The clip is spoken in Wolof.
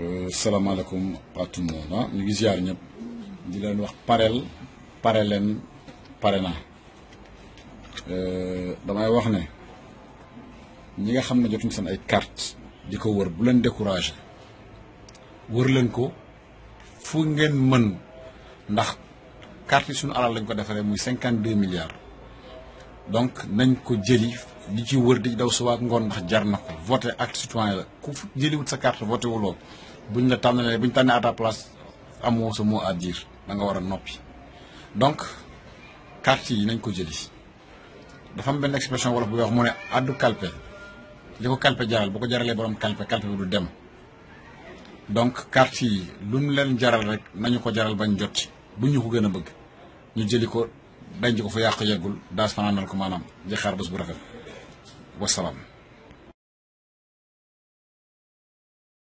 Euh, salaamaaleykum à tout le ah. ñu ngi ziar ñëpp di leen wax pareel pare leen pare na euh, damay wax ne ñi nga xam ne jotuñ seen ay carte di ko wër bu leen découragé wër leen ko fu ngeen mën ndax carte yi suñu alal lañ ko defaree muy cinquante deux milliards donc nañ ko jëli di ci wër di daw subaak ngoon ndax jar na ko voté acte citoyen la ku jëliwut sa carte voté wuloo buñ la tànnalee ñu tànnee à ta place amoo sa mot à dire da nga war a noppi donc carte yi nañ ko jëli dafa am benn expression wolof bu wax mu ne addu kalpe li ko kalpe jaral bu ko jaralee borom kalpe kalpe bi du dem donc carte yi lu mu leen jaral rek nañu ko jaral bañ jot bu ñu ko gën a bëgg ñu jëli ko denc ko fu yàq yeggul daas fanaanal ko maanaam di bu rafet wasalaam